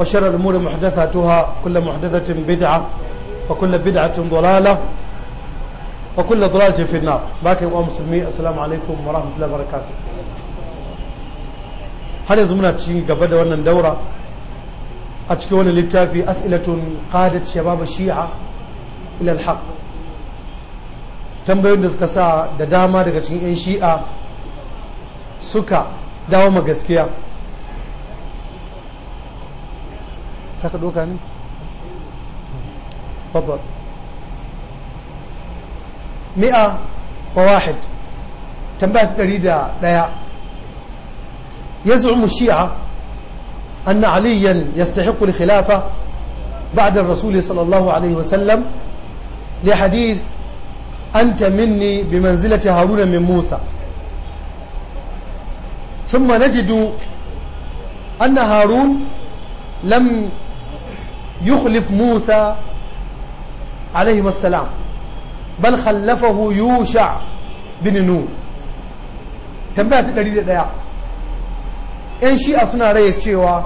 وشر الأمور محدثاتها كل محدثة بدعة وكل بدعة ضلالة وكل ضلالة في النار باكي باقي ومسلمين السلام عليكم ورحمة الله وبركاته هل يزمنا تشي قبل وانا ندورة أتشكون للتافي أسئلة قادة شباب الشيعة إلى الحق tambayoyin da suka sa da dama daga cikin 'yan shi'a suka dawo ma gaskiya تاخد وجهه يعني تفضل 101 tambaya ta 101 يزعم الشيعة أن عليا يستحق الخلافة بعد الرسول صلى الله عليه وسلم لحديث أنت مني بمنزلة هارون من موسى ثم نجد أن هارون لم يخلف Musa عليهما السلام بل خلفه يوشع بن نون tambaya ɗari da ɗaya ‘yan shi'a suna raya cewa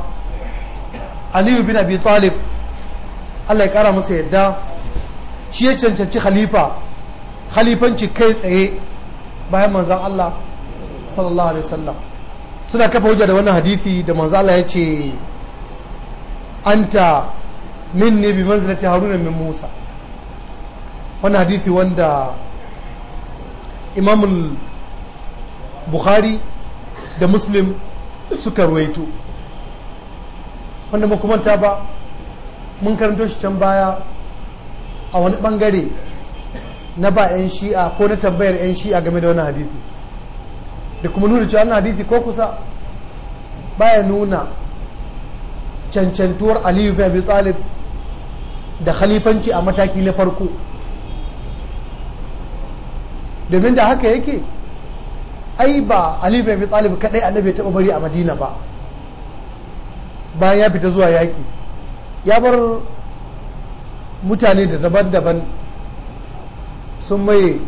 aliyu bin abi talib allah ya ƙara masa yadda shi ya cancanci khalifa khalifanci kai tsaye bayan manzan allah sallallahu alaihi wasallam suna kafa hujja da wannan hadithi da manzala allah ya ce anta Min ne bi ta haruna min musa wani hadithi wanda imamul bukhari da muslim suka ruwaito wanda makumanta ba mun karanto shi can baya a wani bangare na ba 'yan shi'a ko na tambayar 'yan shi'a game da wani hadithi da kuma nuna cewa wani hadithi ko kusa baya nuna cancantuwar aliyu bin abi talib da khalifanci a mataki na farko domin da haka yake ai ba ali bai abi talib kadai annabi ya taba bari a madina ba bayan ya fita zuwa yaki ya bar mutane da daban-daban sun maye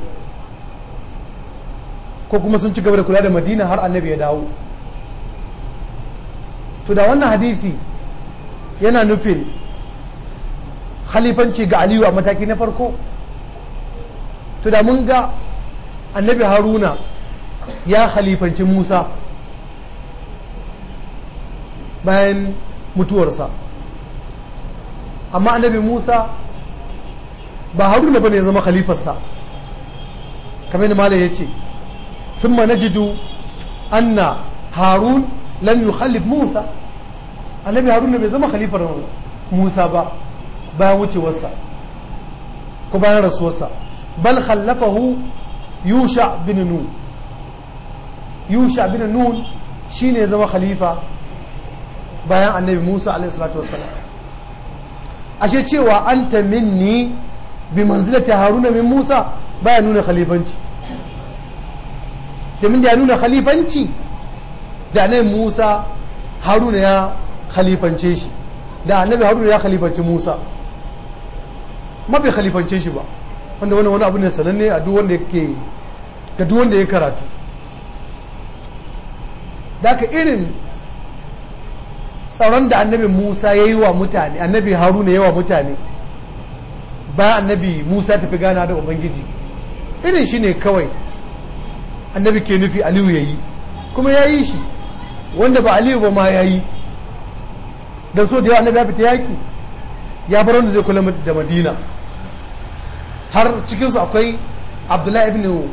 ko kuma sun ci gaba da kula da madina har annabi ya dawo to da wannan hadisi yana nufin khalifanci ga aliyu a mataki na farko to da mun ga annabi haruna ya khalifanci musa bayan mutuwarsa amma annabi musa ba haruna ba ne zama khalifarsa kamar da malam ya ce sun najidu anna harun lam yukhalif musa annabi haruna bai zama khalifar musa ba bayan wucewarsa ko bayan rasuwarsa bal khallafahu yusha bin nun yusha bin nun shine ya zama khalifa bayan annabi musa alaihi salatu wassalam ashe cewa anta minni bi manzilati haruna min musa baya nuna khalifanci domin da ya nuna khalifanci da annabi musa haruna ya khalifance shi da annabi haruna ya khalifanci musa ma bai khalifance shi ba wanda wani abu ne sananne a duk wanda yake ga duk wanda ya karatu da irin tsaron da annabi musa ya yi wa mutane annabi haruna ya yi wa mutane ba annabi musa tafi gana da ubangiji irin shi ne kawai annabi ke nufi aliyu ya yi kuma ya yi shi wanda ba aliyu ba ma ya yi don so da yawa annabi ya fita yaki ya bar wanda zai kula da madina har cikinsu akwai abdullahi ibn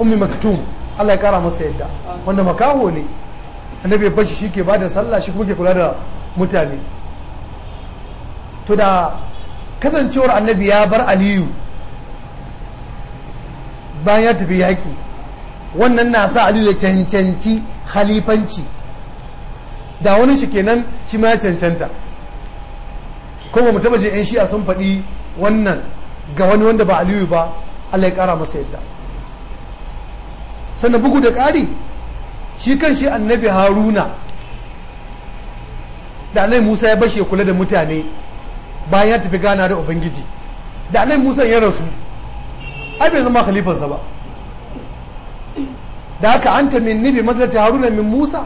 ummi maktum allah ya kara masa yadda wanda makaho ne annabi ya bashi shi ke bada sallah shi kuma ke kula da mutane to da kasancewar annabi ya bar aliyu bayan ya tafi yaki wannan na sa aliyu ya cancanci halifanci da wani shi kenan shi ma ya cancanta ko ba mu taba je yan shi'a sun faɗi wannan ga wani wanda ba aliyu ba Allah ya ƙara masa yadda sannan bugu da ƙari shi kan shi annabi haruna da annabi musa ya bashe kula da mutane bayan ya tafi gana da ubangiji da annabi musa ya rasu ai bai zama khalifarsa ba da haka an ta min nufi ta haruna min musa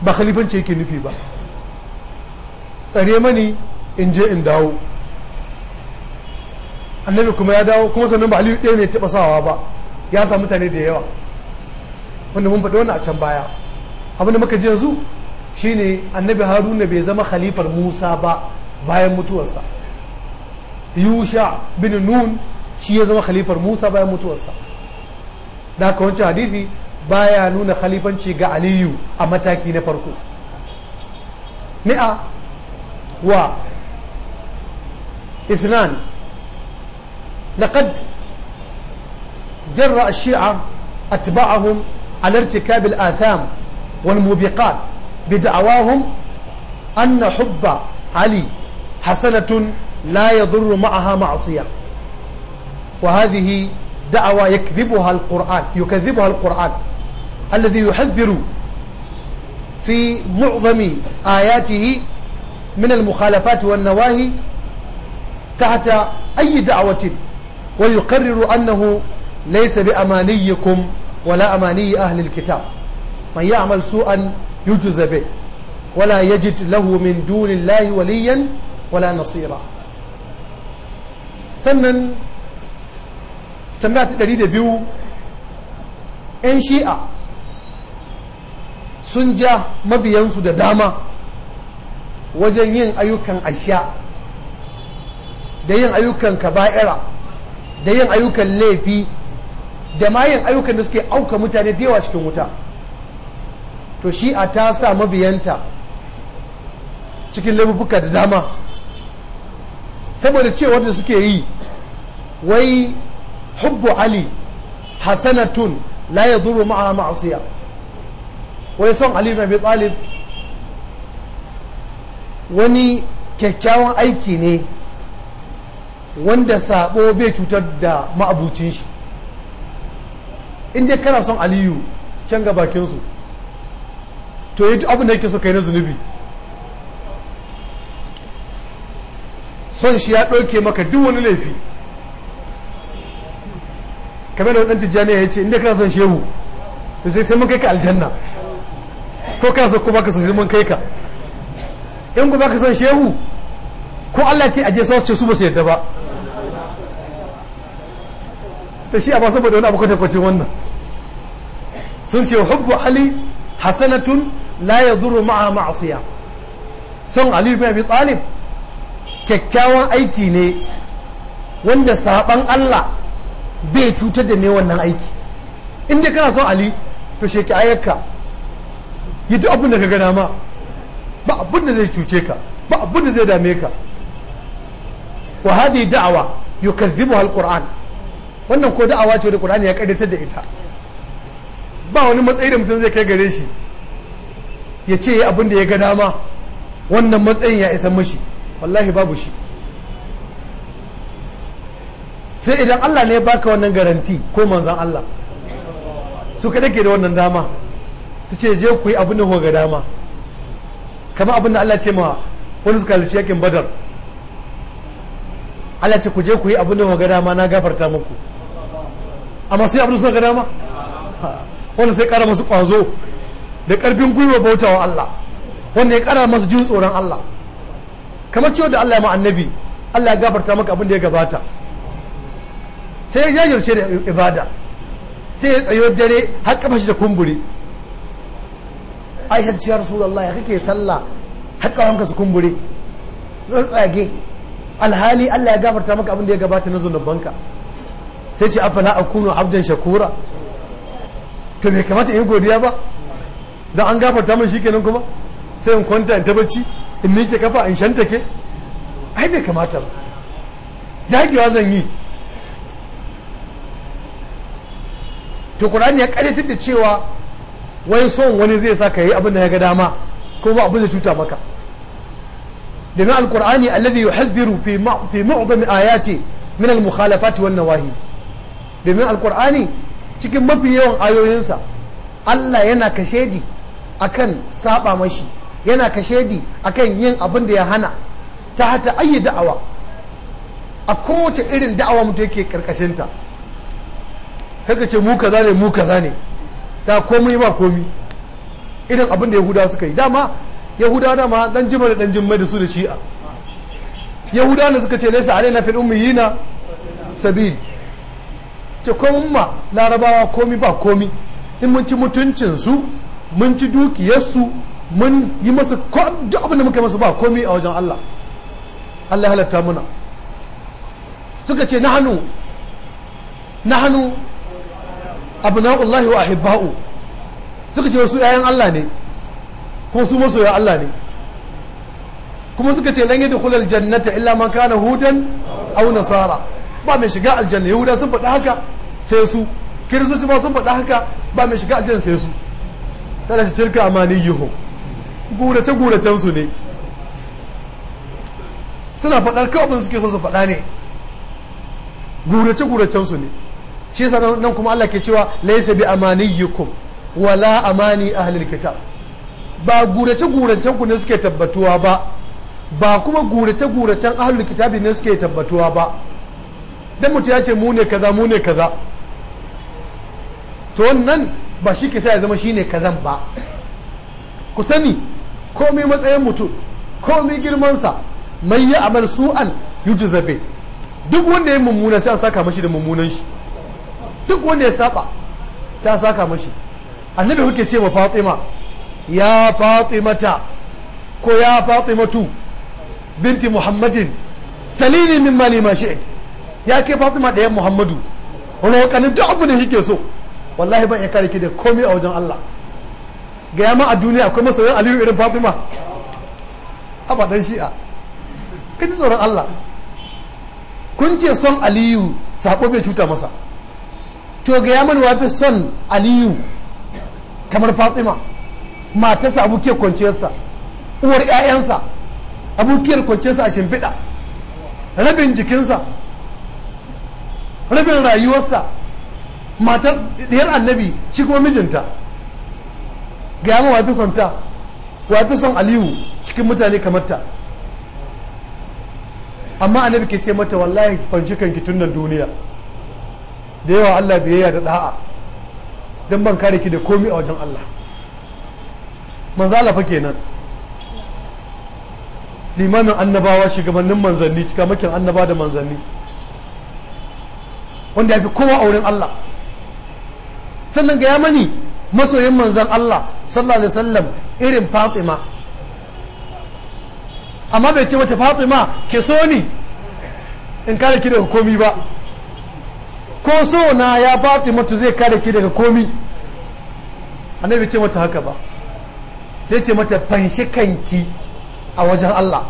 ba khalifanci yake nufi ba tsare mani in je in dawo annabi kuma ya dawo kuma sannan ba aliyu ɗaya ne taɓa sawa ba ya sa mutane da yawa wanda mun faɗi wannan a can baya abin da muka ji yanzu shine annabi haruna bai zama khalifar musa ba bayan mutuwarsa yusha bin nun shi ya zama khalifar musa bayan mutuwarsa da haka wancan hadithi baya nuna khalifanci ga aliyu a mataki na farko ni'a wa اثنان لقد جرأ الشيعة أتباعهم على ارتكاب الآثام والموبقات بدعواهم أن حب علي حسنة لا يضر معها معصية وهذه دعوة يكذبها القرآن يكذبها القرآن الذي يحذر في معظم آياته من المخالفات والنواهي تحت أي دعوة ويقرر أنه ليس بأمانيكم ولا أماني أهل الكتاب من يعمل سوءا يجز به ولا يجد له من دون الله وليا ولا نصيرا sannan tambaya ta ɗari da biyu 'yan shi'a sun ja mabiyansu da dama wajen yin ayyukan ashiya da yin ayyukan kaba'ira da yin ayyukan laifi da ma yin ayyukan da suke auka mutane da yawa cikin wuta to shi a ta sa mabiyanta cikin laifuka da dama saboda cewa da suke yi wai hubbu ali hasanatun la ya zuru ma'a ma'asiya wai son ali mai tsalib wani kyakkyawan aiki ne wanda sabo bai cutar da ma'abucin shi inda kana son aliyu can ga bakinsu to yi abin da yake so kai na zunubi son shi ya ɗauke maka duk wani laifi kamar da ɗan jani ya ce inda kana son shehu to sai sai mun kai ka aljanna ko kana son ko ka so sai mun kai ka in ku baka son shehu ko Allah ce aje su ce su ba su yadda ba da shi amma saboda wani abu kwatankwacin wannan sun ce hubbu ali hasanatun la yadurru ma'a ma'asiya son ali ibn abi talib kyakkyawan aiki ne wanda saban Allah bai cutar da me wannan aiki in dai kana son ali to sheki ayyaka yi duk abin da ka gana ma ba abin da zai cuce ka ba abin da zai dame ka wa hadi da'awa yukazzibu al-qur'an wannan ko da'awa ce da Qur'ani ya kaddatar da ita ba wani matsayi da mutum zai kai gare shi ya ce abin da ya ga dama wannan matsayin ya isa mashi wallahi babu shi sai idan Allah ne ya baka wannan garanti ko manzan Allah su kada ke da wannan dama su ce je ku yi abin da ku ga dama kama abin da Allah ce ma wani suka halarci yakin badar Allah ce ku je ku yi abin da ku ga dama na gafarta muku amma sai abin suna ga dama wanda sai kara masu kwazo da karfin gwiwa bautawa Allah wanda ya kara masu jin tsoron Allah kamar ciwo da Allah ya ma annabi Allah ya gafarta maka abin da ya gabata sai ya jajirce da ibada sai ya tsayo dare har kafa shi da kumburi aisha ciyar Allah ya kake sallah har kawanka su kumburi tsage alhali Allah ya gafarta maka abin da ya gabata na zunubanka sai ce afala akunu abdan shakura to bai kamata in godiya ba don an gafarta min shikenan kuma sai in kwanta in tabbaci in miƙe kafa in shanta ke ai bai kamata ba dagewa zan yi to qur'ani ya karyatar da cewa wani son wani zai sa ka yi abin da ya ga dama ko ba abin da cuta maka domin alqur'ani alladhi yuhadhdhiru fi fi mu'dhami ayati min al-mukhalafati wan nawahi domin alkur'ani cikin mafi yawan ayoyinsa Allah yana kashedi akan saba mashi yana a akan yin abin da ya hana ta hata ayi da'awa a kowace irin da'awa mutu yake karkashinta haka ce mu kaza ne mu kaza ne da komai ba komi irin abin da yahudawa suka yi dama yahudawa dama dan jima da dan jima da su da shi'a yahudawa na suka ce laysa alaina fil ummiyina sabil ce cikon ma larabawa komi ba komi in mun ci mutuncin su mun ci dukiyarsu mun yi masu duk abin da muka masu ba komi a wajen Allah Allah halatta muna suka ce nahanu nahanu abna'ullahi wa ahibba'u suka ce wasu 'ya'yan Allah ne kuma su masoya Allah ne kuma suka ce lan yadkhul aljannata illa man kana hudan aw nasara ba mai shiga aljanna yahuda sun faɗi haka sai su kiristoci ba sun faɗa haka ba mai shiga ajiyar sai su sai da su mani amaniyuhum gurace guracen su ne suna faɗar kawai abin suke so su faɗa ne gurace guracen su ne shi yasa nan kuma Allah ke cewa laisa bi amaniyikum wala amani ahlil kitab ba gurace gurancen ku ne suke tabbatuwa ba ba kuma gurace gurancen ahlul kitabi ne suke tabbatuwa ba dan mutum ya ce mu ne kaza mu ne kaza to wannan ba shi ke sa ya zama shi shine kazan ba ku sani komai matsayin mutum komai girmansa mai yi amal su'an jizabe duk wanda ya mummuna sai an saka mashi da mummunan shi duk wanda ya saba sai an saka mashi annabi kuke ce ma fatima ya fatimata ko ya fatimatu binti muhammadin salini min mali ma ya ke fatima da ɗayan muhammadu wani wakanin duk abu da yake so wallahi ban iya kare ki da komai a wajen Allah ga yamma a duniya akwai masoyan aliyu irin fatima haba dan shi'a kai tsoron Allah kun ce son aliyu sako bai cuta masa to ga yamma wa wafi son aliyu kamar fatima matarsa abukiyar kwanciyarsa uwar 'ya'yansa abukiyar kwanciyarsa a shimfiɗa rabin jikinsa rabin rayuwarsa matar ɗiyar annabi shi kuma mijinta ga yamma wafi son ta wafi son aliyu cikin mutane kamar ta amma annabi ke ce mata wallahi fanci kanki tun nan duniya da yawa allah biyayya da da'a don ban kare ki da komi a wajen allah manzala fa kenan Limanin annabawa shugabannin manzanni cika makin annaba da manzanni wanda ya fi kowa a wurin allah sannan ga ya mani masoyin manzan Allah sallallahu alaihi wasallam irin Fatima amma bai ce wata Fatima ke so ni in kare ki daga komi ba ko so na ya Fatima to zai kare ki daga komi annabi ce mata haka ba sai ce mata fanshi kanki a wajen Allah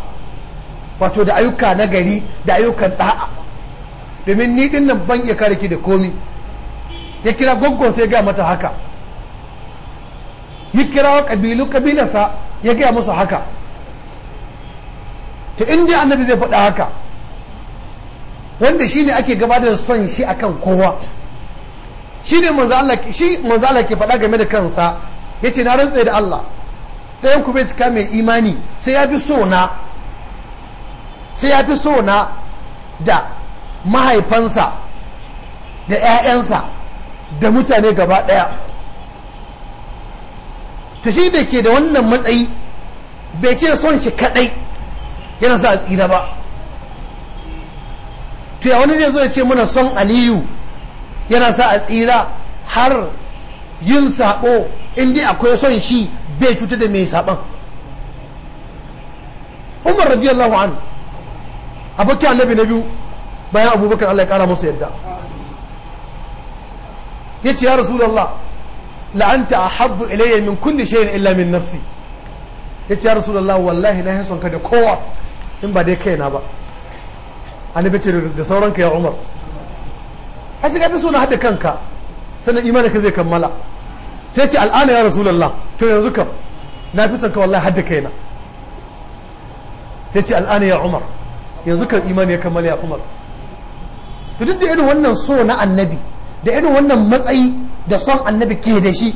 wato da ayyuka na gari da ayyukan da'a domin ni din ban iya kare ki da komi ya kira gwaggon sai gaya mata haka ya wa kabilu kabilarsa ya gaya musu haka ta inda annabi zai faɗa haka wanda shine ake gabatar son shi akan kowa shi ne manzala ke faɗa game da kansa ya ce na rantse da Allah ɗayan ku bai cika mai imani sai ya fi sona sai ya fi sona da mahaifansa da 'ya'yansa da mutane gaba ɗaya ta shi da ke da wannan matsayi bai ce son shi kaɗai yana sa a tsira ba to ya wani zai zo ya ce mana son aliyu yana sa a tsira har yin saɓo inda akwai son shi bai cuta da mai saɓon umar radiyallahu an abokin annabi na biyu bayan abubakar allah ya ƙara masa yadda yace ya rasulullah la anta ahabbu ilayya min kulli shay'in illa min nafsi yace ya rasulullah wallahi na son ka da kowa in ba dai kaina ba annabi ce da sauran ka ya umar a shiga bi suna hada kanka sannan imanin ka zai kammala sai ce al'ana ya rasulullah to yanzu kam na fi son ka wallahi hada kaina sai ce al'ana ya umar yanzu kan imani ya kammala ya umar to duk da irin wannan so na annabi da irin wannan matsayi da son annabi ke da shi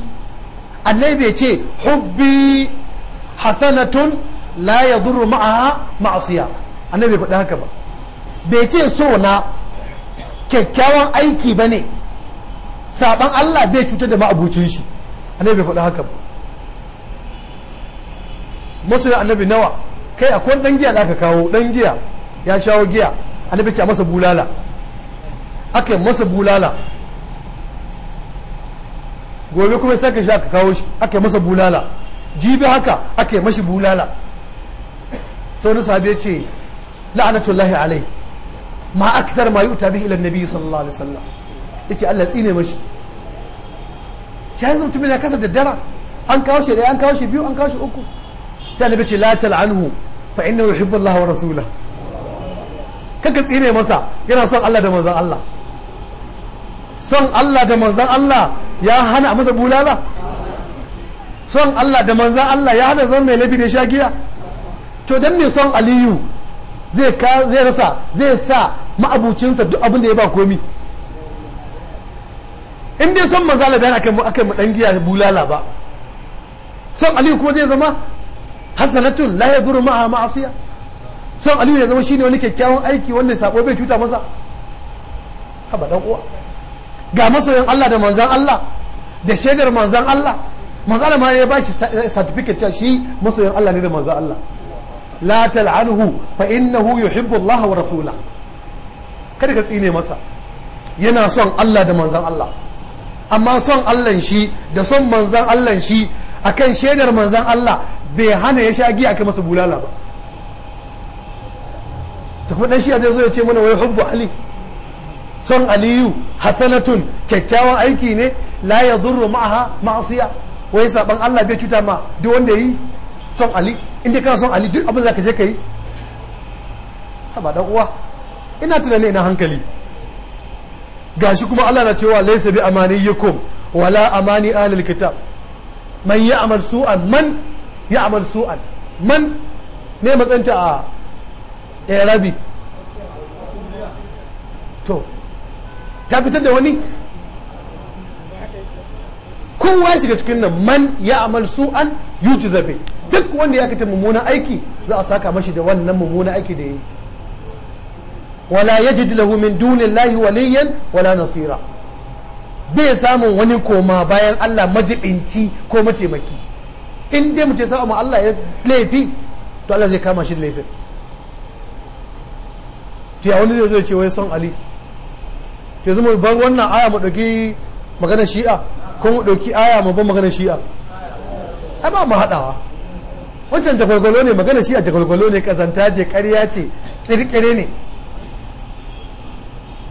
annabi bai ce hubbi hasanatun la yadurru ma'a ma'asiya annabi bai faɗi haka ba bai ce so na kyakkyawan aiki ba ne saɓan Allah bai cutar da ma'abucin shi annabi bai faɗi haka ba musulun annabi nawa kai akwai ɗan giya da aka kawo ɗan giya ya shawo giya annabi ce a masa bulala aka yi masa bulala gobe kuma sai ka sha ka kawo shi aka yi masa bulala jibi haka aka yi mashi bulala sau da sahabi ya ce lahi alai ma akthar ma yu'ta bihi ila nabi sallallahu alaihi sallam ya ce Allah tsine mashi sai hanzu mutum ya kasa daddara an kawo shi an kawo shi biyu an kawo shi uku sai annabi ce la tal'anhu fa innahu yuhibbu Allah wa rasulahu kaka tsine masa yana son Allah da manzon Allah son Allah da manzon Allah ya hana a masa bulala son Allah da manzan Allah ya hana zan mai laifi da sha giya to dan mai son aliyu zai rasa zai sa ma'abucinsa duk abin da ya ba komi in dai son manzan Allah akan akan mu dan giya bulala ba son aliyu kuma zai zama hasanatun la yadurru ma'a ma'asiya son aliyu ya zama ne wani kyakkyawan aiki wanda sabo bai cuta masa haba dan uwa ga masoyin Allah da manzan Allah da shaidar manzan Allah manzan ma ya ba shi certificate shi masoyin Allah ne da manzan Allah la tal'anhu fa innahu yuhibbu Allah wa rasula kada ka tsine masa yana son Allah da manzan Allah amma son Allah shi da son manzan Allah shi akan shaidar manzan Allah bai hana ya sha giya kai masa bulala ba ta kuma dan shi zai zo ya ce mana wai hubbu ali son aliyu hasanatun kyakkyawan aiki ne la ya zurru ma'aha ma'asiya wai saban Allah bai cuta ma duk wanda yi son ali inda kana son ali duk abin da ka je ka yi haba dan uwa ina tunani ina hankali gashi kuma Allah na cewa laysa bi amaniyikum wala amani ahlil kitab man ya'mal su'an man ya'mal su'an man ne matsanta a Arabic ta fitar da wani kowa shiga cikin nan man ya amal su'an yuji zabe duk wanda ya kata mummunan aiki za a saka mashi da wannan mummunan aiki da ya yi wala yajid lahu min lahi waliyan wala nasira bai samun wani koma bayan Allah majibinci ko mataimaki in dai mutum ma Allah ya laifi to Allah zai kama shi da laifin to ya wani zai ce wai son Ali to yanzu mu wannan aya mu ɗauki maganar shi'a ko mu ɗauki aya mu bar maganar shi'a A ba mu haɗawa wancan jagwalgwalo ne maganar shi'a jagwalgwalo ne kazanta je ƙarya ce ƙirƙire ne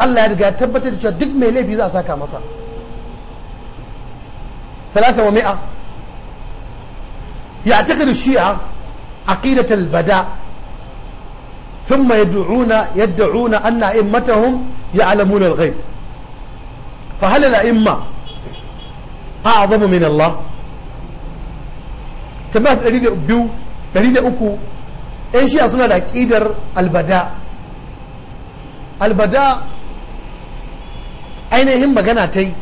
Allah ya riga tabbatar da cewa duk mai laifi za a saka masa talata wa mi'a ya taƙa da shi'a aqidatul bada' ثم يدعون يدعون أن أئمتهم يعلمون الغيب فهل الأئمة أعظم من الله تبعت أريد بيو أريد أكو إيش أصلا أكيدر البداء البداء ainihin magana ta yi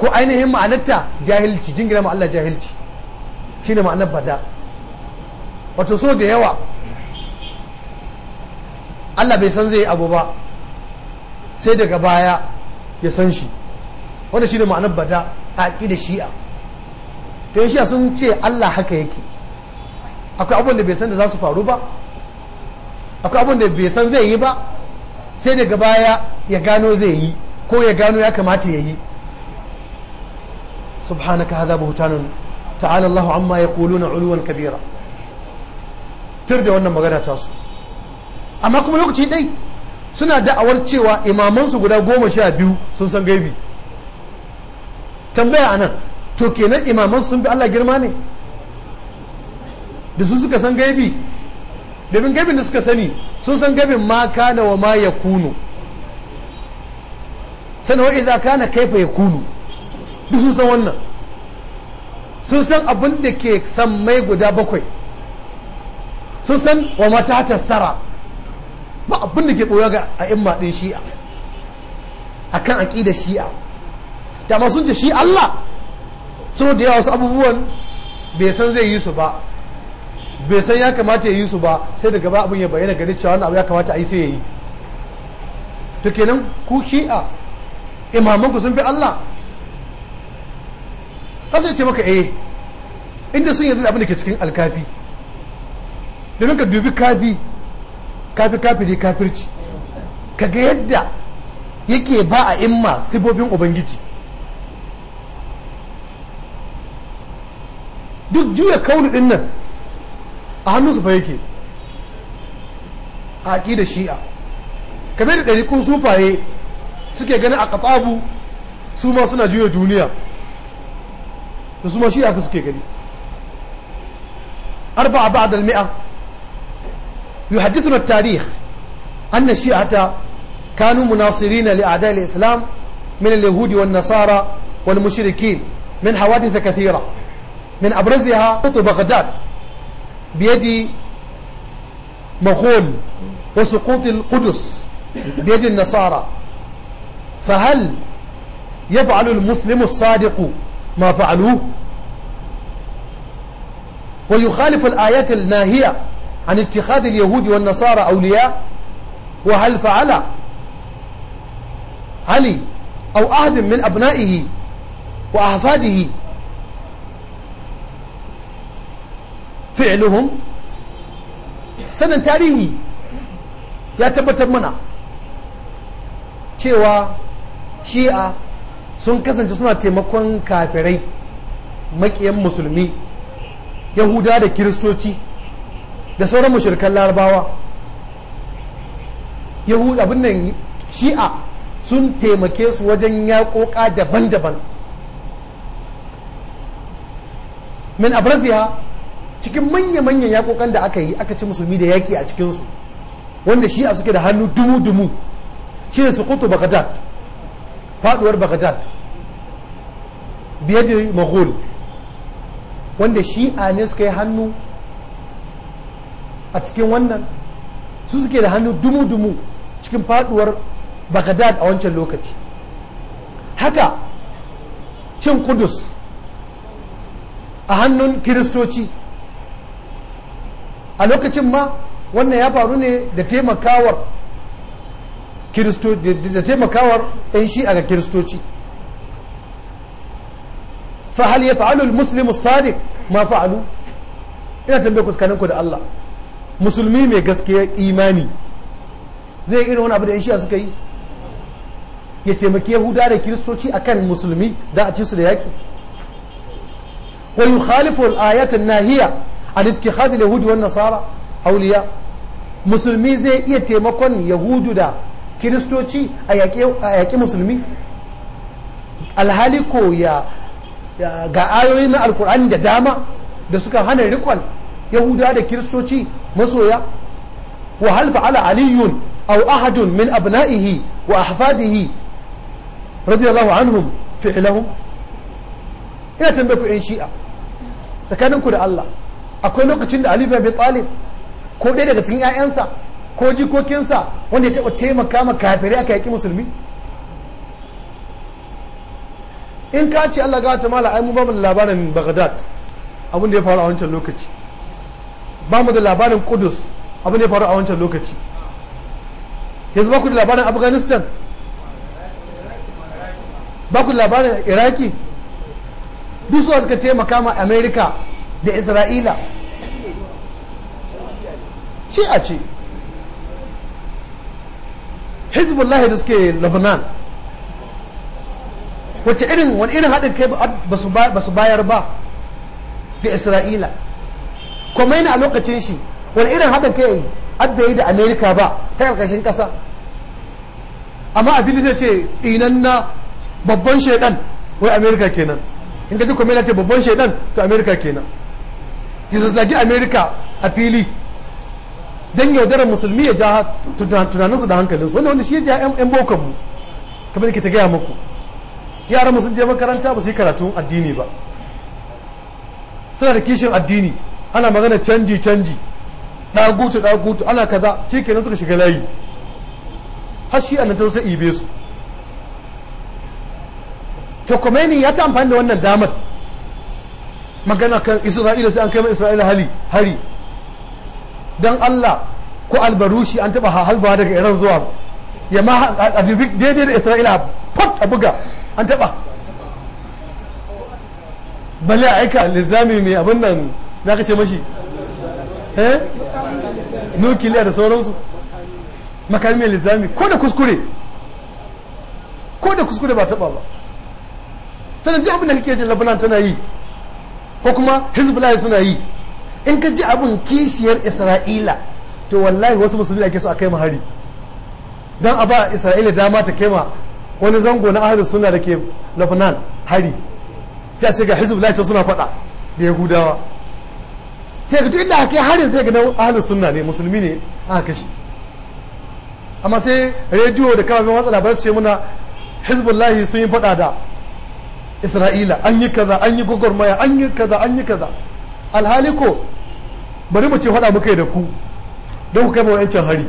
ko ainihin ma'anarta jahilci jingina ma Allah jahilci shine ma'anar bada wato so da yawa Allah bai san zai abu ba sai daga baya ya san shi wanda shi ne ma'anar bada a da shi'a to shi'a sun ce Allah haka yake akwai abin da bai san da za su faru ba akwai abin da bai san zai yi ba sai daga baya ya gano zai yi ko ya gano ya kamata ya yi subhanaka hadha buhtanun ta'ala Allah amma yaquluna uluwan kabira tur da wannan magana ta su amma kuma lokaci dai suna da'awar cewa imamansu guda goma sha biyu sun san gaibi tambaya anan to kenan imaman sun bi Allah girma ne da su suka san gaibi domin gaibin da suka sani sun san gaibin ma kana wa ma ya kunu sana wa za kana kaifa ya kunu duk sun san wannan sun san abin da ke san mai guda bakwai sun san wa mata tassara ba abin da ke ɓoye ga a imma ɗin shi'a akan da shi'a dama sun ce shi Allah da yawa wasu abubuwan bai san zai yi su ba bai san ya kamata ya yi su ba sai daga ba abin ya bayyana gani cewa wani abu ya kamata a yi sai ya yi to kenan ku shi'a imamanku sun bi Allah kasu ce maka eh inda sun yarda da abin da ke cikin alkafi domin ka dubi kafi kafi kafiri kafirci kaga yadda yake ba a imma sibobin ubangiji duk juya kaunu din nan a hannunsu fa yake a aƙi da shi'a kamar da ɗarikun sufaye suke ganin a ƙatsabu su ma suna juya duniya da su ma shi'a suke gani arba'a ba a mia يحدثنا التاريخ أن الشيعة كانوا مناصرين لأعداء الإسلام من اليهود والنصارى والمشركين من حوادث كثيرة من أبرزها بغداد بيد مغول وسقوط القدس بيد النصارى فهل يفعل المسلم الصادق ما فعلوه ويخالف الآيات الناهية عن اتخاذ اليهود والنصارى أولياء وهل فعل علي أو أحد من أبنائه وأحفاده fi'luhum sanin tarihi ya tabbatar mana cewa shi'a sun kasance suna taimakon kafirai maƙiyan musulmi yahuda da kiristoci da sauran mashirkan larabawa yahudu abin nan shi'a sun taimake su wajen yaƙoƙa daban-daban min abraziya cikin manya-manyan yaƙoƙan da aka yi aka ci musulmi da yaƙi a cikinsu wanda shi'a suke da hannu dumu-dumu shi ne su kutu baghdad faduwar baghdad biyar da wanda shi'a ne suka yi hannu a cikin wannan su suke da hannu dumu-dumu cikin faduwar bagdad a wancan lokaci haka cin kudus a hannun kiristoci a lokacin ma wannan ya faru ne da taimakawar da taimakawar 'yan shi'a ga kiristoci fa hal ya fa'alul muslimu sadiq ma fa'alu ina tambaye kuskaninku da Allah musulmi mai gaskiyar imani zai irin wani abu da 'yan suka yi ya taimaki yahuda da kiristoci akan musulmi da a ci su da yaki yaƙi yukhalifu ayatun nahiya a ittikhad al wan nasara auliya musulmi zai iya taimakon yahudu da kiristoci a yaƙi musulmi alhali ko ya ga ayoyi na alkur'ani da dama da suka hana rikon yahuda da kiristoci masoya wa hal fa'ala aliyun aw ahadun min abna'ihi wa ahfadihi radiyallahu anhum fi'lahum ina tambaye ku yan shi'a tsakaninku da Allah akwai lokacin da Ali bin Abi Talib ko ɗaya daga cikin ƴaƴansa ko jikokinsa wanda ya taɓa taimaka ma kafirai aka yaƙi musulmi in ka ce Allah ga ta mala ai mu ba mu labarin Baghdad abin da ya faru a wancan lokaci ba mu da labarin kudus abu ne faru a wancan lokaci yanzu ba ku da labarin afghanistan ba ku da labarin iraki duk suka taimaka ma amerika da isra'ila ci a ce hezbollah da suke lebanon wace irin wani irin haɗin kai ba su bayar ba ga isra'ila yana a lokacin shi wani irin haɗin kai adda yi da amerika ba ta ƙarƙashin ƙasa amma abin zai ce tsinan na babban shaidan wai amerika kenan in ka ji yana ce babban shaidan to amerika kenan ki zazzagi amerika a fili don yaudarar musulmi ya ja tunaninsu da hankalinsu wanda wanda shi ya ja 'yan bokan mu kamar ke ta gaya muku yaran mu sun je makaranta ba su yi karatun addini ba suna da kishin addini ana magana canji canji ɗagutu ɗagutu ana kaza shi kenan suka shiga layi har shi annan ta ibe su to Khomeini ya ta amfani da wannan damar magana kan Isra'ila sai an kai Isra'ila hali hari dan Allah ko albarushi an taba halba daga Iran zuwa ya ma a daidai da Isra'ila fat a buga an taba bale aika lizami mai abin nan za ka ce mashi eh nukiliya da sauransu makarmiyar lizami ko da kuskure ko da kuskure ba taba ba sanin duk abin da kake jin labanan tana yi ko kuma hezbollah suna yi in ka ji abin kishiyar isra'ila to wallahi wasu musulmi ake so a kai hari don a ba isra'ila dama ta kai ma wani zango na ahalin suna da ke labanan hari sai a ce ga hezbollah ta suna faɗa da yahudawa sai ka duk inda aka yi harin sai ga na ahalin sunna ne musulmi ne aka kashe amma sai rediyo da kafafen watsa labarai ce muna hezbollah sun yi faɗa da isra'ila an yi kaza an yi gwagwarmaya an yi kaza an yi kaza alhali ko bari mu ce faɗa muka yi da ku don ku kai ma wa'ancan hari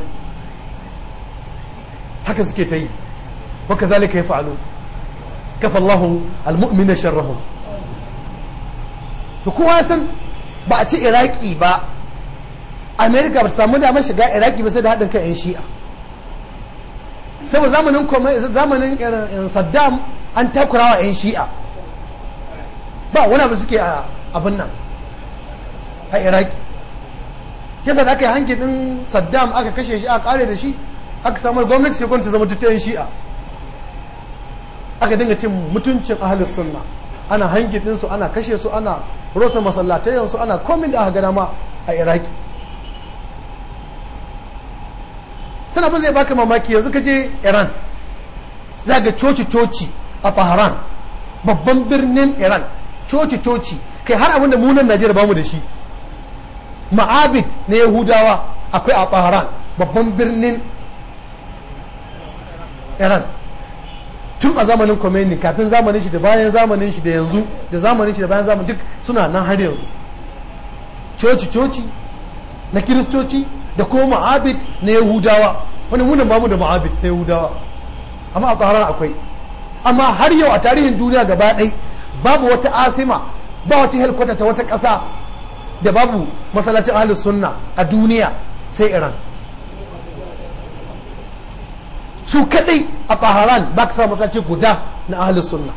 haka suke ta yi wa kazalika ya fa'alu kafa Allahu al-mu'mina da to kowa san ba a ci iraki ba amerika ba ta samu damar shiga iraki ba sai da haɗin kan 'yan shi'a saboda zamanin zamanin saddam an takurawa 'yan shi'a ba wani abu suke a abin nan a iraki kisa da aka yi hanki din saddam aka kashe shi aka kare da shi aka samu gwamnati sai kwanci zama yan shi'a aka dinga cin mutuncin ahalus sunna ana hanki su ana kashe su ana rosa masallatai yanzu ana komin da aka gana ma a iraki sana abin zai baka mamaki yanzu ka je iran za ga coci-coci a tehran babban birnin iran coci-coci kai har abinda munan najeriya bamu da shi ma'abit na yahudawa akwai a tehran babban birnin iran tun a zamanin komeni kafin zamanin shi da bayan zamanin shi da yanzu da zamanin shi da bayan zamanin duk suna nan har yanzu coci coci na kiristoci da kuma ma'abit na yahudawa wani munan babu da ma'abit na yahudawa amma a tsaron akwai amma har yau a tarihin duniya gaba ɗai babu wata asima ba wata helikwata ta wata ƙasa da babu masallacin ahlus sunna a duniya sai iran su kadai a tsaharan ba ka sa sace guda na ahalus sunna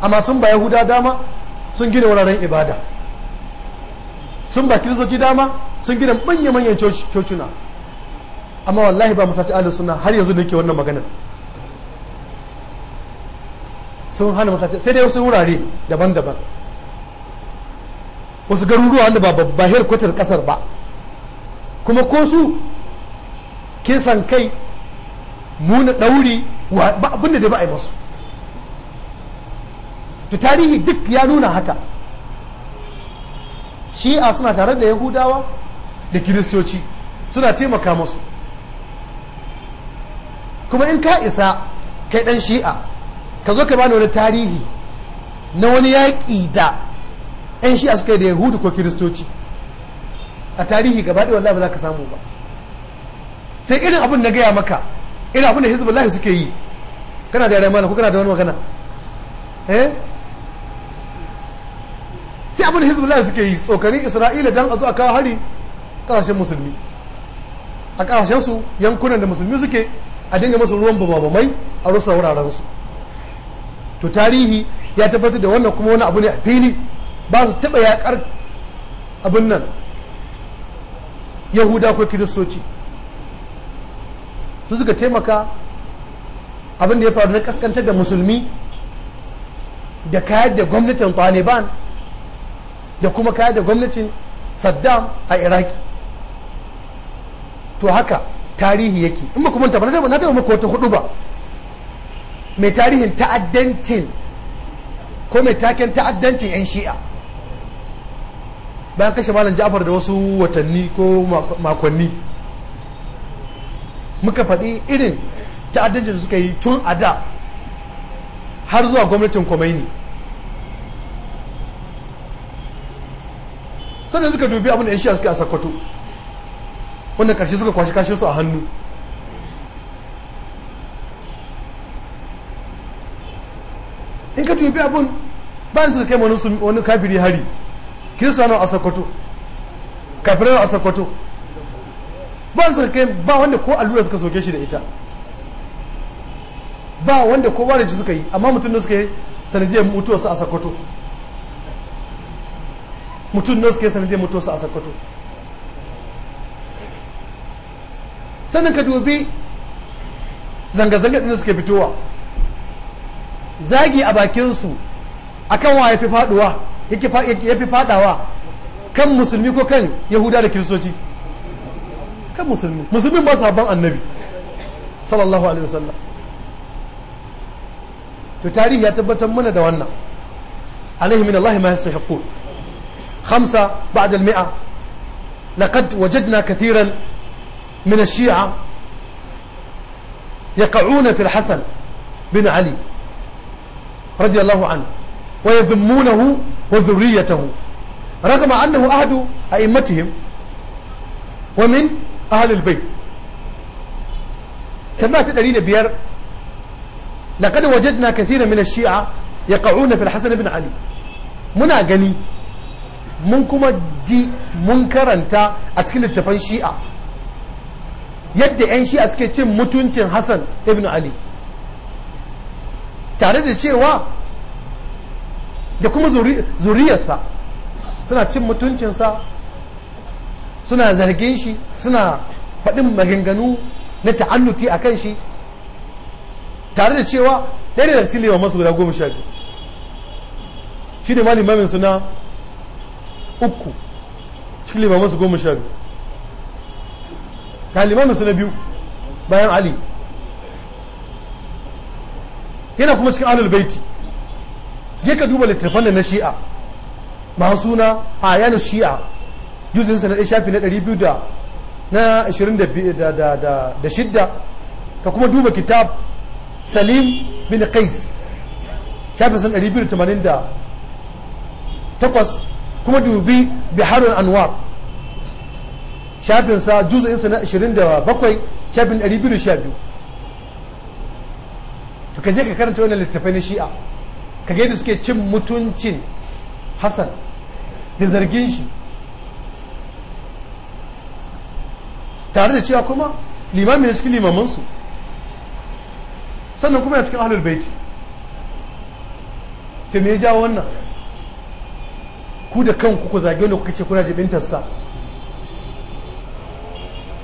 amma sun ba yahuda dama sun gina wuraren ibada sun ba kiristoci dama sun gina manya-manyan cocina amma wallahi ba masallaci ahalus sunna har yanzu nake wannan maganar sun hana masallaci sai dai wasu wurare daban-daban wasu garuruwa wanda ba babbahir kwatar kasar ba kuma ko su kisan kai muna ɗauri ba abin da dai ba a yi masu to tarihi duk ya nuna haka shi'a suna tare da yahudawa da kiristoci suna taimaka masu kuma in ka isa kai ɗan shi'a ka zo ka bani wani tarihi na wani yaƙi da 'yan shi'a suka yi da yahudu ko kiristoci a tarihi gaba ɗaya wallahi ba za ka samu ba sai irin abin na gaya maka ina abin da hizbullahi suke yi kana da yare malam ko kana da wani magana eh sai abin da hizbullahi suke yi tsokanin isra'ila dan a zo a kawo hari kasashen musulmi a kasashen su yankunan da musulmi suke a dinga musu ruwan bababamai a rusa wuraren su to tarihi ya tabbatar da wannan kuma wani abu ne a fili ba su taɓa yaƙar abin nan yahuda ko kiristoci su suka taimaka abin da ya faru na kaskantar da musulmi da kayar da gwamnatin taliban da kuma kayar da gwamnatin saddam a iraki to haka tarihi yake in ba kuma na taɓa maka wata hudu ba mai tarihin ta'addancin ko mai taken ta'addancin 'yan shi'a bayan kashe malam ja'far da wasu watanni ko makonni muka faɗi irin ta'addancin da suka yi tun a da har zuwa gwamnatin kwamaini sannan suka dubi abin da 'yan shiya suka a sakkwato wanda ƙarshe suka kwashe kashe su a hannu in ka dubi abin bayan suka kai wani kafiri hari kirista na a sakkwato kafirai a sakkwato ban suka kai ba wanda ko allura suka soke shi da ita ba wanda ko wani suka yi amma mutum da suka yi sanadiyar su a sakkwato mutum da suka yi sanadiyar su a sakkwato sannan ka dubi zanga-zanga ɗin suke fitowa zagi a bakinsu kan wa ya fi ya fi faɗawa kan musulmi ko kan yahuda da kiristoci كم مسلمين مسلمين ما صحابان النبي صلى الله عليه وسلم تاريخ يتبت من دوانا عليه من الله ما يستحقون خمسة بعد المئة لقد وجدنا كثيرا من الشيعة يقعون في الحسن بن علي رضي الله عنه ويذمونه وذريته رغم أنه أحد أئمتهم ومن ahlul bait tambaya ta 105 laqad wajadna na min ash-shi'a yaqa'una fil hasan ibn ali muna gani mun kuma ji mun karanta a cikin littafan shi'a yadda 'yan shi'a suke cin mutuncin hasan ibn ali tare da cewa da kuma zuriyarsa suna cin mutuncinsa suna zargin shi suna faɗin maganganu na ta'annuti a kan shi tare da cewa ɗaya da cilewa masu guda goma sha biyu shi ne malimamin suna uku cilewa masu goma sha biyu kalimamin suna biyu bayan ali yana kuma cikin alul baiti je ka duba littattafan da na shi'a masu suna a yanar shi'a juzinsa na ɗaya shafi na 200 na shidda ka kuma duba kitab salim bin qais shafin san 288 kuma dubi biharun anwar shafinsa juzinsa na 27 shafin 212 to ka je ka karanta wani littattafai na shi'a ka gani suke cin mutuncin hassan da zargin shi tare da cewa kuma limami ne cikin limamansu sannan kuma yana cikin ahlul baiti ta me ja wannan ku da kanku ku zage wanda kuka ce kuna jibintarsa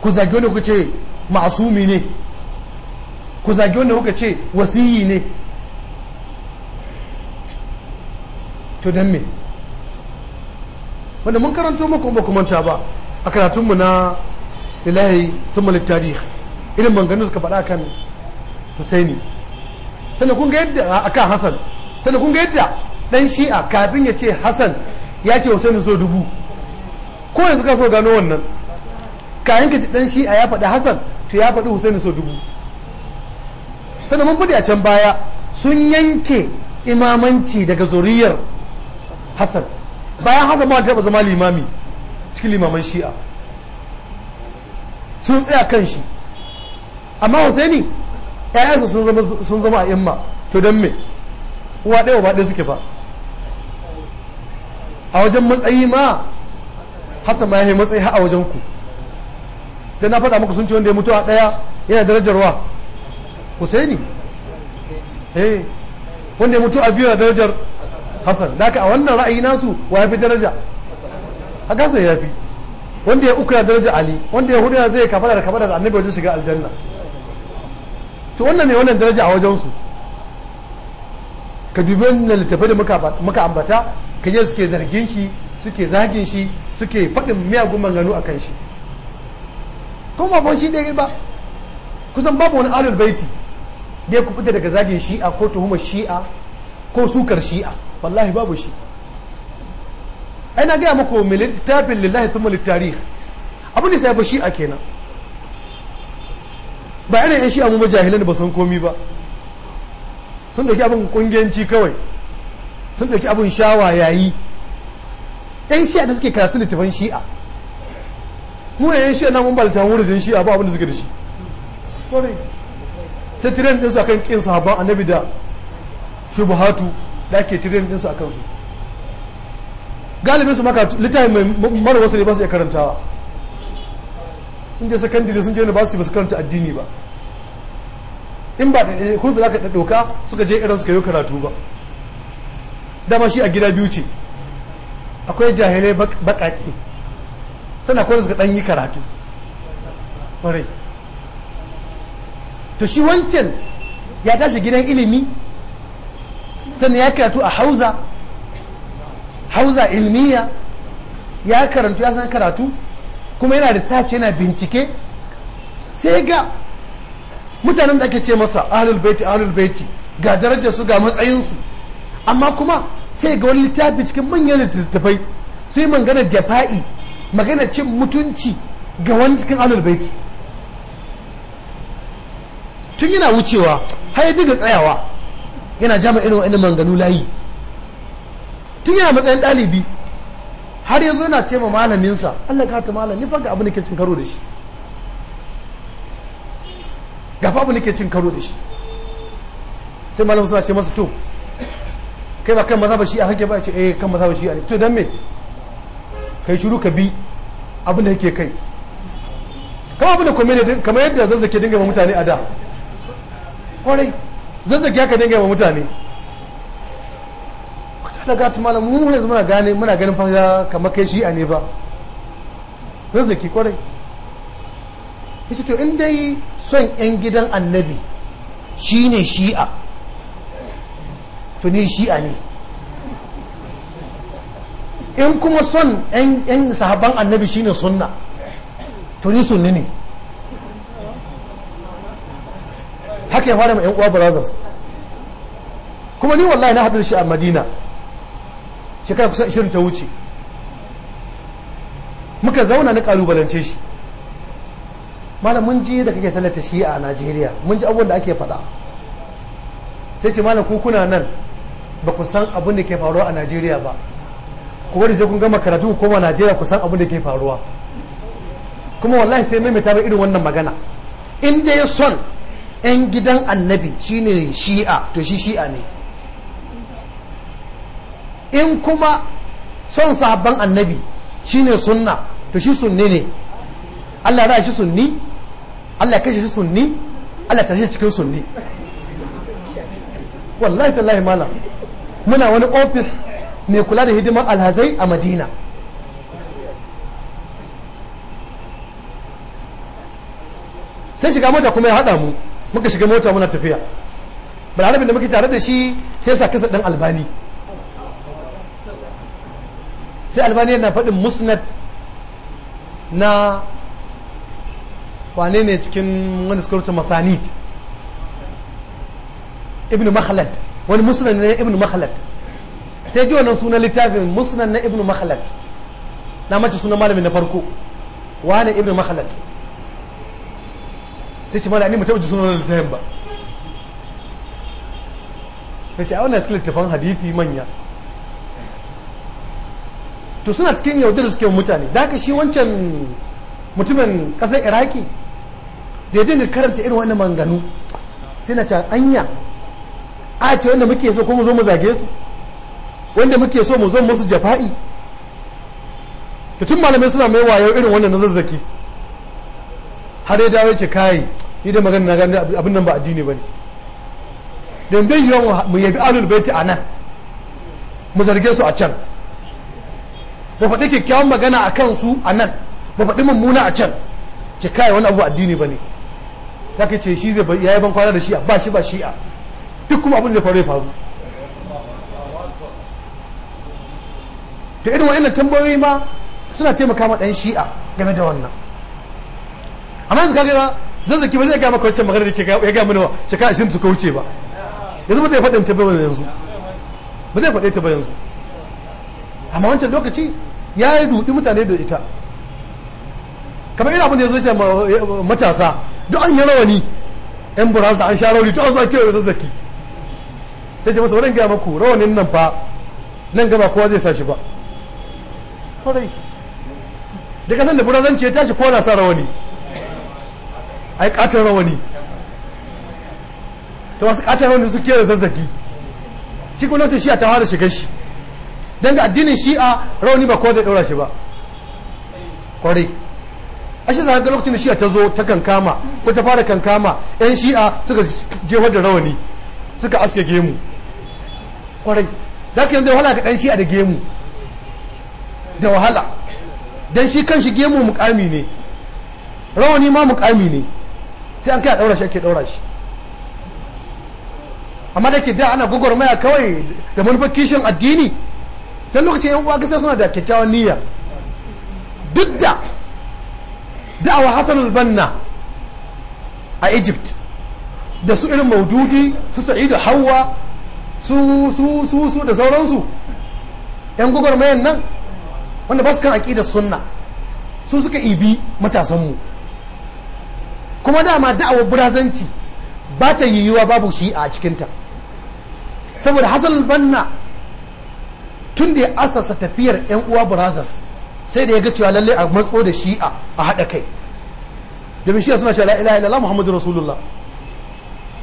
ku zage wanda kuka ce masumi ne ku zage wanda kuka ce wasiyi ne to don me wanda mun karanto makon ba ku ta ba a karatunmu na lillahi thumma littarih irin manganu suka faɗa kan Husaini sannan kun ga yadda akan Hassan sannan kun ga yadda dan Shi'a kafin ya ce Hassan ya ce Husaini so dubu ko yanzu ka so gano wannan kayan ka ci dan Shi'a ya faɗi Hassan to ya faɗi Husaini so dubu sannan mun bude a can baya sun yanke imamanci daga zuriyar Hassan bayan Hassan ba ta zama limami cikin limaman Shi'a sun tsaya kan shi amma husaini ƴaƴansa sun zama a imma to don me uwa ɗaya ba ɗaya suke ba a wajen matsayi ma hassan ma ya yi matsayi a wajen ku da na faɗa muku sun ce wanda ya mutu a ɗaya yana darajarwa husaini eh wanda ya mutu a biyu yana darajar hassan da a wannan ra'ayi nasu wa ya fi daraja a ya fi wanda ya uku ya daraja ali wanda ya hudu ya zai kafara da kafara da annabi wajen shiga aljanna to wannan ne wannan daraja a wajen su ka dubi na littafai da muka ambata ka yi suke zargin shi suke zagin shi suke faɗin miyagun manganu a kan shi kuma ba shi ɗaya ba kusan babu wani alul baiti da ya fita daga zagin shi'a ko tuhumar shi'a ko sukar shi'a wallahi babu shi ai na gaya muku mai littafin lillahi thumma littarikh abin da sai ba a kenan ba irin yan shi'a a ba jahilan da ba sun komi ba sun dauki abin kungiyanci kawai sun dauki abin shawa yayi yan shi'a da suke karatu littafin shi'a mu ne yan shi'a na mun balta wurin shi'a ba abin da suke da shi sai tiren din su akan kin sahabban annabi da shubuhatu da ake tiren din su akan su galibin su maka littafin mai mara wasu ne ba su iya karantawa sun je sakandare sun je ne ba su karanta addini ba in ba eh, kun su zaka doka suka je irin suka yi karatu ba dama shi a gida biyu ce akwai jahilai bakaki sana kwanan suka dan yi karatu kwarai to shi wancan ya tashi gidan ilimi sannan ya karatu a hausa hauza ilmiya ya karantu ya san karatu kuma yana da sace yana bincike sai ga mutanen da ake ce masa ahlul baiti ahlul baiti ga darajar su ga matsayin su amma kuma sai ga wani littafi cikin manyan littattafai sai mangana jafa'i magana cin mutunci ga wani cikin ahlul baiti tun yana wucewa har ya diga tsayawa yana jama irin wa'annan manganu layi tun yana matsayin ɗalibi har yanzu yana ce ma malaminsa Allah ka ta malam ni faga abu nake cin karo da shi gafa abu nake cin karo da shi sai malam suna ce masa to kai ba kan maza ba shi a hake ba ce eh kan maza ba shi a ne to dan me kai shiru ka bi abu da yake kai kama abin da ne kamar yadda zazzake dinga ma mutane a da kwarai zazzake ka dinga ma mutane na gata malam mu yanzu muna gane muna ganin fanga kamar kai shi'a ne ba zan zaki kwarai ce to in dai son yan gidan annabi shi ne shi'a to ni shi'a ne in kuma son yan sahaban annabi shi ne sunna to ni sunni ne haka ya fara ma yan uwa brothers kuma ni wallahi na haɗu da shi a madina shekara kusan ishirin ta wuce muka zauna na kalubalance shi malam mun ji da kake tallata shi a najeriya mun ji abubuwan da ake faɗa sai ce malam ku kuna nan ba ku san abin da ke faruwa a najeriya ba ku bari sai kun gama karatu ku koma najeriya ku san abin da ke faruwa kuma wallahi sai maimaita ba irin wannan magana in dai son 'yan gidan annabi shine shi'a to shi shi'a ne in kuma son sahabban annabi shine sunna to shi sunni ne Allah ya shi sunni Allah ya kashe shi sunni Allah ta shi cikin sunni wallahi tallahi malam muna wani ofis mai kula da hidimar alhazai a madina sai shiga mota kuma ya haɗa mu muka shiga mota muna tafiya balarabin da muke tare da shi sai sa kasa ɗan albani sai albaniya na faɗin musnad na wane ne cikin wani suka masanit ibn makhalat wani musnad na ibn makhalat sai ji wannan sunan littafin musnad na ibn makhalat na mace sunan malamin na farko wane ibn makhalat sai ce malami mu taɓa sunan littafin ba ya ce a wannan suka littafan hadithi manya to suna cikin da suke mutane da haka shi wancan mutumin kasar iraki da ya dinga karanta irin wani manganu sai na ce anya a ce wanda muke so kuma zo mu zage su wanda muke so mu zo musu jafa'i Da tun malamai suna mai wayo irin wannan na zazzaki har ya dawo ce kai ni da magana na gani abin nan ba addini bane don bai yiwuwa mu yabi alul baiti nan mu zarge su a can ba faɗi kyakkyawan magana a kansu a nan ba faɗi mummuna a can ce kai wani abu addini ba ne za ka ce shi zai ya yi bankwana da shi'a ba shi ba shi'a duk kuma abin zai faru ya faru ta irin wa'annan tambayoyi ma suna taimaka ma ɗan shi'a game da wannan amma yanzu kaga zazzaki ba zai gaya kawai can magana da ke ya gaya mana shekara ashirin suka wuce ba yanzu ba zai faɗin ta yanzu ba zai faɗe ta ba yanzu amma wancan lokaci ya yi dubi mutane da ita kamar ina abin da ya zo matasa duk an yi rawani yan buransa an sha rauni to an zo kewaye zazzaki sai ce masa wurin gaya maku rawanin nan fa nan gaba kowa zai sa shi ba kwarai da kasan da burazanci ya tashi kowa na sa rawani ai katon rawani ta wasu katon rawani su kewaye zazzaki shi kuma lokacin shi a tawa da shigar shi don ga addinin shi'a rauni ba ko zai ɗora shi ba kwarai ashe za ga lokacin da shi'a ta zo ta kankama ko ta fara kankama yan shi'a suka jefar da rawani suka aske gemu kwarai za ka yanzu wahala ga ɗan shi'a da gemu da wahala don shi kan shi gemu mukami ne rawani ma mukami ne sai an kai a ɗaura shi ake ɗaura shi amma da ke da ana gwagwarmaya kawai da manufar kishin addini don lokacin yan uwa gaskiya suna da kyakkyawan niyya duk da da'awa hassan albanna a egypt da su irin maududi su sa'idu hawa su su su da sauransu yan mayan nan wanda ba su kan da sunna su suka ibi matasanmu kuma dama da'awar burazanci ba ta yiwuwa babu shi a cikinta saboda hassan albanna tun da ya asasa tafiyar yan uwa brothers sai da ya ga cewa lalle a matso da shi'a a haɗa kai domin shi'a suna cewa la'ila ila muhammadu rasulullah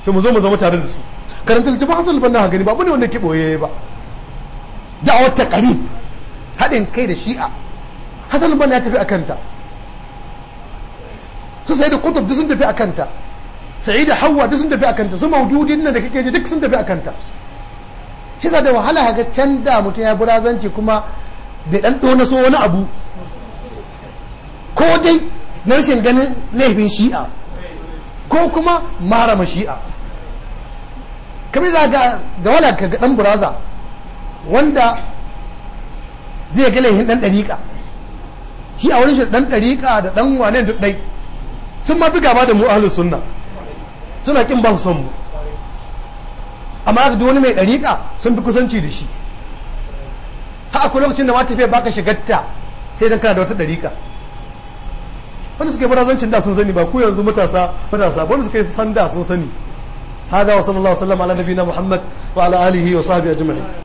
to mu zo mu zama tare da su karanta da hasan ban na gani ba bane wanda ke boye ba da'awar ta qarib haɗin kai da shi'a hasan banna ya tafi a kanta su sai da kutub duk sun tafi a kanta sa'ida hawa duk sun tafi a kanta su maududin nan da kake ji duk sun tafi a kanta kisa da wahala haka can da mutum ya burazanci kuma bai dan dona so wani abu ko dai na rashin ganin laifin shi'a ko kuma marama shi'a kamar za ga da wala ka ga dan buraza wanda zai ga laifin dan dariƙa shi a wurin shi dan dariƙa da dan wane duk ɗai sun ma fi gaba da mu ahlus sunna suna kin ban son mu amma ga wani mai ɗariƙa sun fi kusanci da shi ha ku lokacin da matafiya ba baka shigarta sai dan kana da wata ɗariƙa wanda suke barazancin da sun sani ba ku yanzu matasa matasa wanda suke san da sun sani هذا وصلى الله وسلم على نبينا محمد وعلى وصحبه